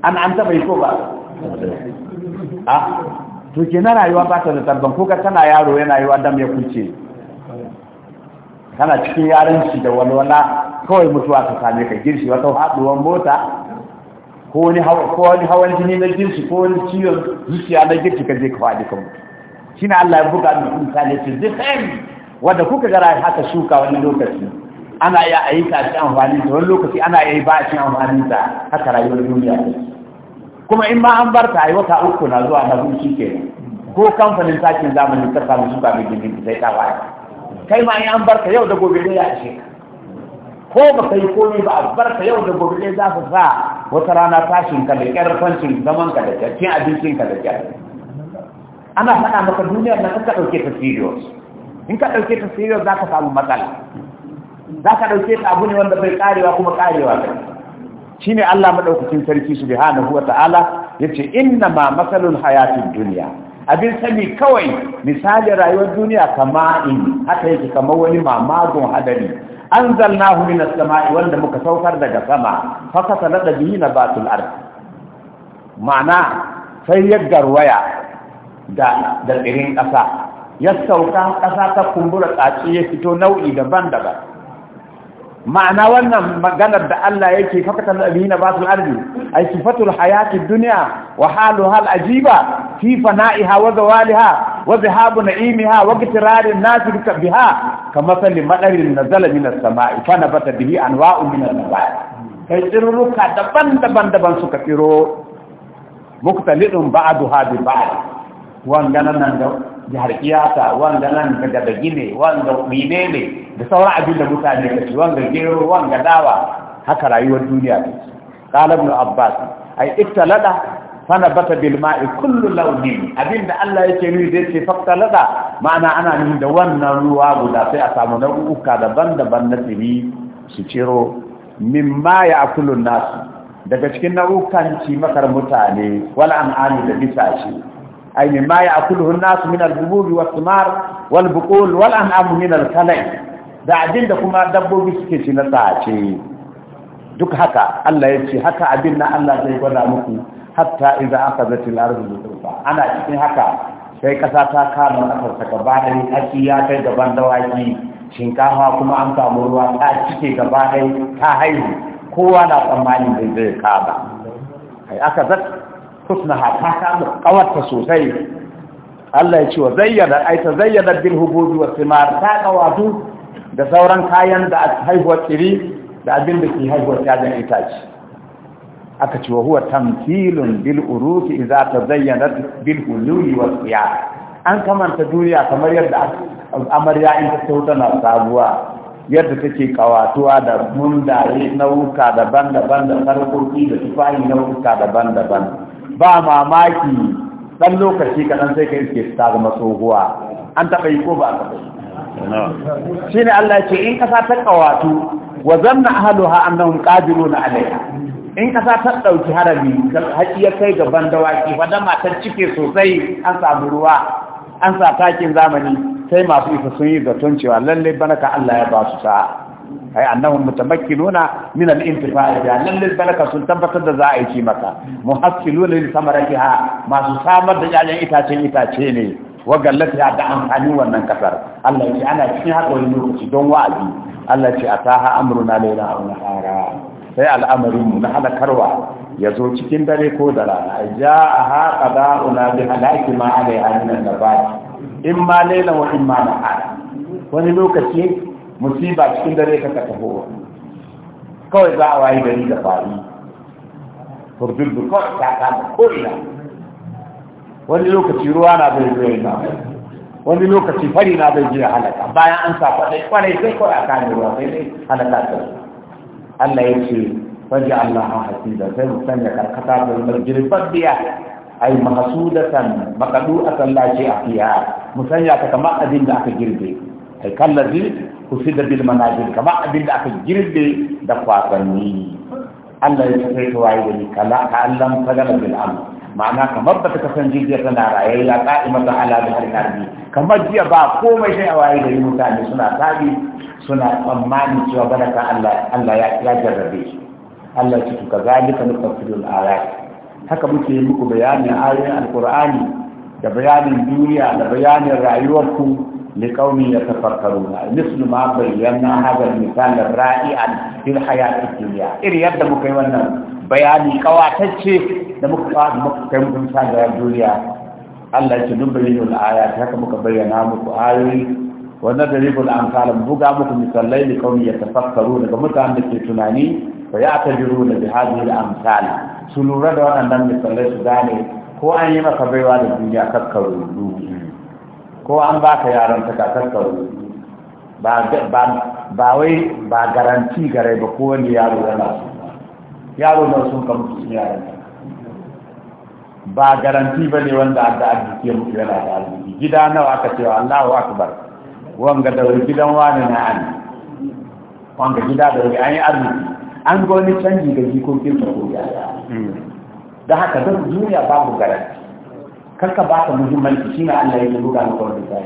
an an taɓa yi ko ba ah, to ke na rayuwa ba ta da tarban ko ka tana yaro yana yi adam ya kuce kana cikin yaranci da walwala kawai mutuwa ka same ka girshi wata haɗuwar mota ko wani hawan jini na girshi ko wani ciwon zuciya na girshi ka je ka faɗi ka mutu shi ne Allah ya buga da misali su zai wadda kuka gara haka shuka wani lokaci ana iya ayyuka shi amfani da wani lokaci ana iya ba shi amfani da haka rayuwar duniya kuma in ma an bar ta ai wata uku na zuwa na hudu ke ko kamfanin takin zamani ta samu suka mai gindin sai ta waya kai ma in an bar ta yau da gobe ne ya ishe ko ba kai komai ba a bar ta yau da gobe ne za su sa wata rana tashin ka da kyar kwancin zaman ka da kyar cin abincin ka da kyar ana faɗa maka duniyar na ka ɗauke ta serious in ka ɗauke ta serious za ka samu matsala za ka ɗauke ta abu ne wanda bai karewa kuma karewa kai shine Allah madaukakin sarki subhanahu wataala yace inna ma masalul hayatid dunya abin sani kawai misali rayuwar duniya kama in haka yake kamar wani mamagon hadari anzalnahu minas sama'i wanda muka saukar daga sama fa kasala da bihi nabatul ard ma'ana sai ya garwaya da da tsirin ƙasa ya sauka ƙasa ta kumbura tsatsi ya fito nau'i daban-daban ma'ana wannan maganar da Allah yake fakatan abina basul ardi ay sifatul hayati dunya wa halu hal ajiba fi fana'iha wa zawaliha wa dhahabu na'imiha wa qitirarin nas biha kama sali madarin nazala min as-sama'i fa nabata bihi anwa'un min an-nabat kai tsirruka daban-daban daban suka tsiro muktalidun ba'du hadi ba'd wanganan nan da jihar kiyata wanda nan daga da gine wanda mine ne da sauran abin da mutane ka ci wanga gero wanga dawa haka rayuwar duniya ta ce qala ibn abbas ai ittalada fana bata bil ma'i kullu Abin abinda Allah yake ni da yake faktalada ma'ana ana nuni da wannan ruwa guda sai a samu nau'uka daban-daban na tsiri su ciro ma ya akulun nasu daga cikin nau'ukan cimakar mutane wal an'ami da bisa shi أي مما يأكله الناس wal الجبور والثمار والبقول والأنعام من الكلع da abin da kuma dabbobi suke ci na tsace duk haka Allah ya ce haka abin na Allah zai gwada muku hatta idza akhadhat al-ardu bisurfa ana cikin haka sai kasa ta kama kasar ta gaba da aki ya kai gaban dawaki shinkafa kuma an samu ruwa ta cike gaba ta haihu kowa na tsammani zai zai kama ai akhadhat husnaha ta samu kawarta sosai Allah ya ce wa zayyada ai ta zayyana bil wa ta kawatu da sauran kayan da haihuwar tsiri da abin da ke haihuwar yajin itace aka ce wa huwa tamthilun bil urufi idza tazayyana bil hululi wa siyah an kamanta duniya kamar yadda amarya in ta so na sabuwa yadda take kawatuwa da mundaye nau'ka daban-daban da sarkoki da tufahi nau'uka daban-daban ba mamaki ɗan lokaci kaɗan sai ka iske ta ga masoguwa an taɓa yi ko ba a taɓa shine Allah ya ce in ƙasa ta kawatu wa zanna ahluha annahum qadiruna alaiha in ƙasa ta ɗauki harami haƙi ya kai gaban dawaki wadda matar cike sosai an samu ruwa an sa takin zamani sai masu isa sun yi zaton cewa lallai banaka Allah ya ba su sa'a ay annahum mutamakkinuna min al-intifa'i biha lallal balaka sun tabbatar da za a yi maka muhassiluna lil samaratiha masu samar da yayan itacen itace ne wa gallatiha da amfanin wannan kasar Allah ya ana cikin haka wani lokaci don wa'azi Allah ya ce taha amruna layla aw nahara sai al'amarin mu na halakarwa ya zo cikin dare ko da rana ja a haƙa bi halaki ma alai hannun da ba in ma laila wa in ma nahara wani lokaci musiba cikin dare ka taho kawai za a wayi gari da fari furduddu kawai ta ta kama ko'ina wani lokaci ruwa na bai zuwa na wani lokaci fari na bai jiya halaka bayan an sa kwaɗai kwaɗai sai kawai a kame ruwa sai dai halaka ta Allah ya ce waje Allah ha hasida sai mu sanya karkata da marjirin babbiya ai mahasudatan makadu a sallace a fiya mu sanya ta kamar abin da aka girbe kai kallazi da bil manajil kama abinda aka girbe da kwasanni Allah ya kai ta waye kala ka Allah ka bil ma'ana kamar ba ta san jiya tana raye ya qa'imata ala bil ardi kamar jiya ba komai sai a waye da mutane suna tabi suna tsammani cewa baraka Allah Allah ya ya jarrabe shi Allah ya ce to kazalika ayat haka muke yi muku bayanin ayoyin alqur'ani da bayanin duniya da bayanin rayuwarku لقوم يتفكرون مثل ما بينا هذا المثال رائعا في الحياة الدنيا إذا يبدأ مكيوانا بياني قواتتش نمكوات مكتم مثال الدنيا الله يتنبين الآيات هكا مكبينا مكو آيوي ونضرب الأمثال مبقى مكو مثالي لقوم يتفكرون كمتان لكي فيعتبرون بهذه الأمثال سنورد وانا نمثالي سوداني ko an yi maka baiwa da duniya kakkaru ko an baka yaran taka kakkaru ba wai ba garanti gare ba ko wani yaro na su yaro na sun kamar su yaran ba garanti ba ne wanda an da arziki ya mutu yana da arziki gida nawa aka cewa allahu akbar wanga da wani gidan wani na an wanga gida da wani an yi arziki an ga wani canji ga jikokin sa ko yaya hmm. da haka don duniya babu gara karka ba ta muhimmanci shi na Allah ya lura na wani da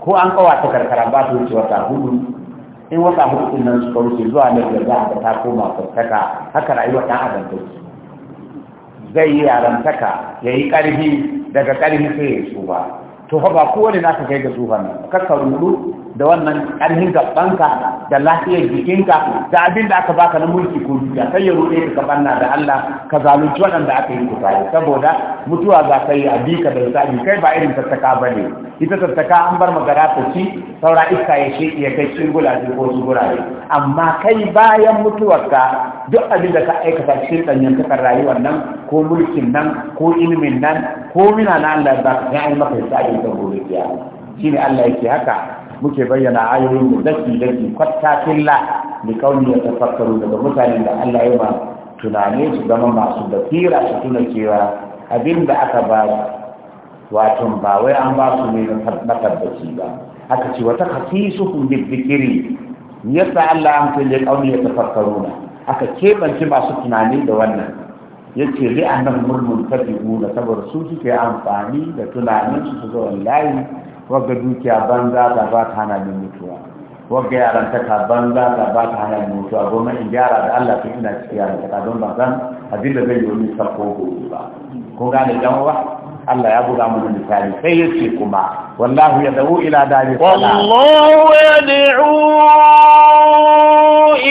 ko an kawa ta karkara ba ta wuce wata hudu in wata hudu din nan suka wuce zuwa nan da za a ta koma karkata haka rayuwa ta adam zai yi yarantaka ya yi ƙarfi daga ƙarfi sai ya tsufa to fa ba kowane ta kai ga tsufan nan kakka rudu da wannan ƙarfin gabanka da lafiyar jikinka da abin da aka baka na mulki ko dukiya sai ya ruɗe ka banna da Allah ka zalunci waɗanda aka yi kuka saboda mutuwa za ka yi a bika da hisabi kai ba irin tattaka ba ne ita tattaka an bar magara ta ci saura iska ya shi ya kai cikin gulaje ko su amma kai bayan mutuwarka duk abin da ka aikata cikin ɗanyen takar rayuwar nan ko mulkin nan ko ilimin nan ko mina na Allah ba ka yi maka hisabi ta gobe kiyama ne Allah yake haka muke bayyana ayoyin mu daki daki kwatta filla da kauni ya tafakkaru daga mutane da Allah ya ba tunane su zama masu basira su tuna cewa abin da aka ba wato ba wai an ba su ne na tabbaci ba aka ce wata khasisuhum bizikri yasa Allah an kalle kauni ya tafakkaru aka kebance masu tunani da wannan ya ce li annahum murmun tabi'una saboda su suke amfani da tunanin su su layi. wagga dukiya banza da ba ta hana min mutuwa wagga yarantaka banza da ba ta hana min mutuwa goma in gyara da Allah tun ina cikin yarantaka don ba zan abin da zai yi wani sarko gobe ba kun gane dan wa Allah ya buga mana misali sai yace kuma wallahu yad'u ila dari salam wallahu yad'u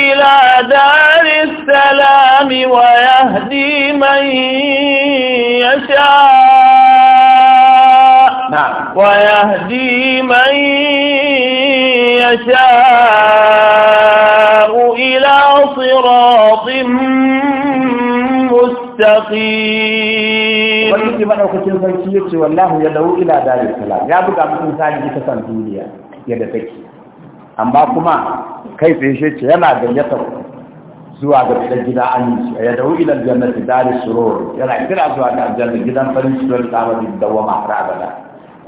ila dari salam wa yahdi man yasha ويهدي من يشاء إلى صراط mustaqim wani madaukakin sarki yace wallahu ya dawo ila dalil salam ya buga mutum sani ita san duniya yadda take amma kuma kai tsaye shi ce yana gayyata zuwa ga gidan gida an yi ya dawo ila jannati dalil surur yana kira zuwa ga aljanna gidan farin ciki da dawama har abada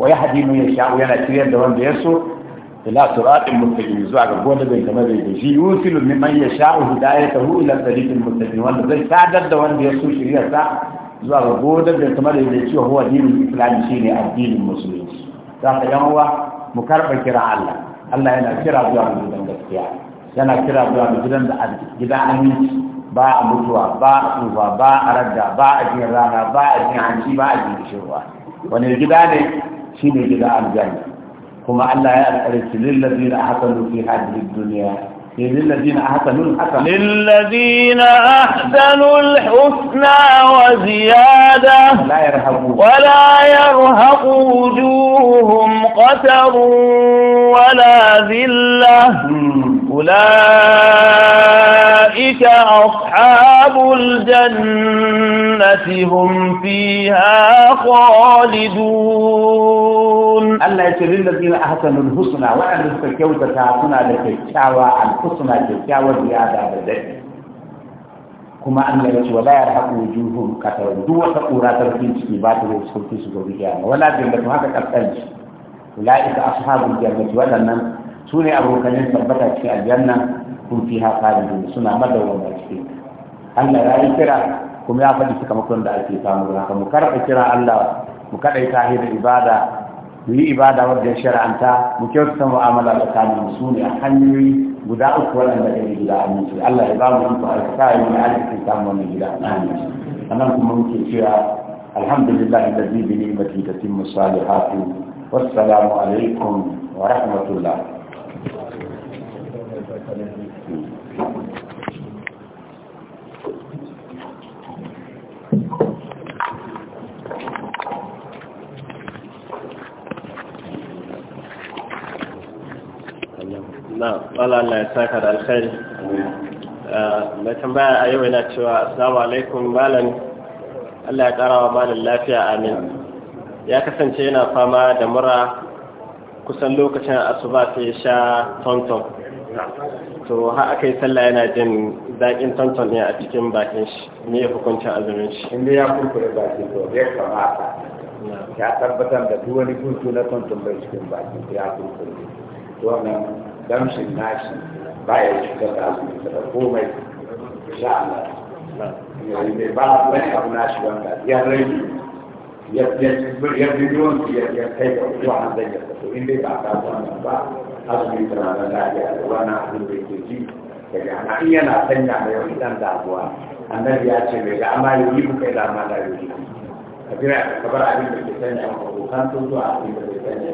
ويحدي من يشاء وينا كريم دوان بيسو إلا سرات المتقين يزوع قبول بين كما بي بيجي يوصل ممن يشاء هدايته إلى طريق المتقين وانا بي سادر دوان بيسو شريعة زوا غودا بين كما بي بيجي وهو دين الإسلام شيني الدين المسلمين ذات يوم هو مكرب كرا الله الله ينا كرا زوا بجدان دفتيا ينا كرا زوا بجدان دفتيا با مطوع با صوفا با رجع با اجن رانا با اجن عنشي با اجن شروع ونرجبانه shine gida aljanna kuma Allah ya alƙarci lillazina أحسنوا في hadhihi الدنيا إيه للذين أحسنوا الحسنى للذين أحسنوا الحسنى وزيادة لا يرهقون ولا يرهق وجوههم قتر ولا ذلة أولئك أصحاب أصحاب الجنة هم فيها خالدون الله يسر الذين أحسنوا الحسنى وأن يستكيو تتعطنا لك الشعوى الحسنى الشعوى زيادة بذلك كما أن الله يسر ولا يرحق وجوههم كثيرا دوا فقورا تركين سكيباته وسكوتي سكوتي كيانا ولا جنبك هذا كالتنج أولئك أصحاب الجنة ولنا سوني أبو كنين ثبتت في الجنة كنت فيها خالدون سنة مدى وما Allah ya yi kira kuma ya faɗi sakamakon da ake samu haka mu karɓa kira Allah mu kaɗai ta hira ibada mu yi ibada wadda ya shara'anta mu kyautata mu'amala tsakanin su ne hanyoyi guda uku waɗanda ya yi gida aminci Allah ya ba mu iko aikata ya yi aiki samu wannan gida aminci Anan kuma muke cewa alhamdulillah da zibini mati da timmu salihatu wassalamu alaikum wa rahmatullah na Allah ya saka da alkhairi mai tambaya a yau yana cewa assalamu alaikum malam Allah ya karawa malam lafiya amin ya kasance yana fama da mura kusan lokacin asuba sai ya sha tonton to har aka yi sallah yana jin zaƙin tonton ne a cikin bakin shi ne hukuncin azumin shi inda ya kurkure bakin to ya kamata ya tabbatar da duk wani kuntu na tonton bai cikin bakin ya kurkure wannan damshin nashi baya cutar da azumin da komai insha Allah yayi mai ba wani abu nashi wanda ya rage ya ya biliyon ya ya kai da wannan da ya to in dai ba ka wannan ba azumin da na da ya wannan abin da yake ji daga ana in yana sanya mai wani dan damuwa annabi ya ce mai da amma yi ku kai da amma da yi ka bira ka bar abin da ke sanya ka to zuwa abin da ke sanya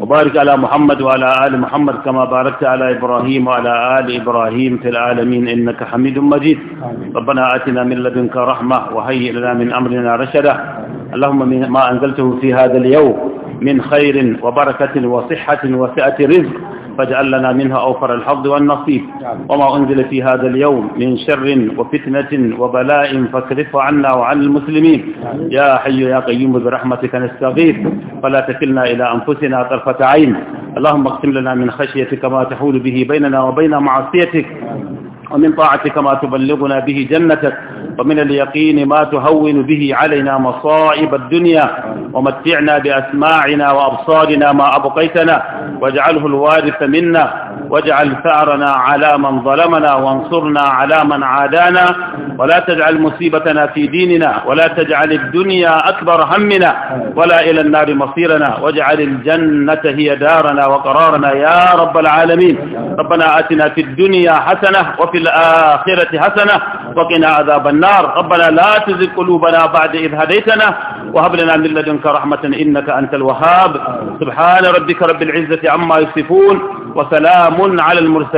وبارك على محمد وعلى آل محمد كما باركت على إبراهيم وعلى آل إبراهيم في العالمين إنك حميد مجيد ربنا آتنا من لدنك رحمة وهيئ لنا من أمرنا رشدا اللهم ما أنزلته في هذا اليوم من خير وبركة وصحة وسعة رزق فاجعل لنا منها أوفر الحظ والنصيب نعم. وما أنزل في هذا اليوم من شر وفتنة وبلاء فاكرفه عنا وعن المسلمين نعم. يا حي يا قيوم برحمتك نستغيث فلا تكلنا إلى أنفسنا طرفة عين اللهم اقسم لنا من خشيتك ما تحول به بيننا وبين معصيتك نعم. ومن طاعتك ما تبلغنا به جنتك ومن اليقين ما تهون به علينا مصائب الدنيا ومتعنا بأسماعنا وأبصارنا ما أبقيتنا واجعله الوارث منا واجعل ثأرنا على من ظلمنا وانصرنا على من عادانا ولا تجعل مصيبتنا في ديننا ولا تجعل الدنيا أكبر همنا ولا إلى النار مصيرنا واجعل الجنة هي دارنا وقرارنا يا رب العالمين ربنا آتنا في الدنيا حسنة وفي وفي الآخرة حسنة وقنا عذاب النار ربنا لا تزغ قلوبنا بعد إذ هديتنا وهب لنا من لدنك رحمة إنك أنت الوهاب سبحان ربك رب العزة عما يصفون وسلام على المرسلين